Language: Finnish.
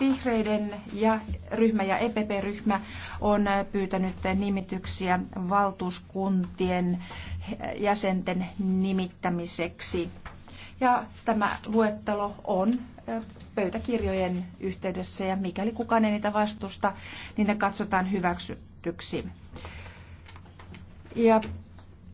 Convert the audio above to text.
Vihreiden ja ryhmä ja EPP-ryhmä on pyytänyt nimityksiä valtuuskuntien jäsenten nimittämiseksi. Ja tämä luettelo on pöytäkirjojen yhteydessä ja mikäli kukaan ei niitä vastusta, niin ne katsotaan hyväksytyksi. Ja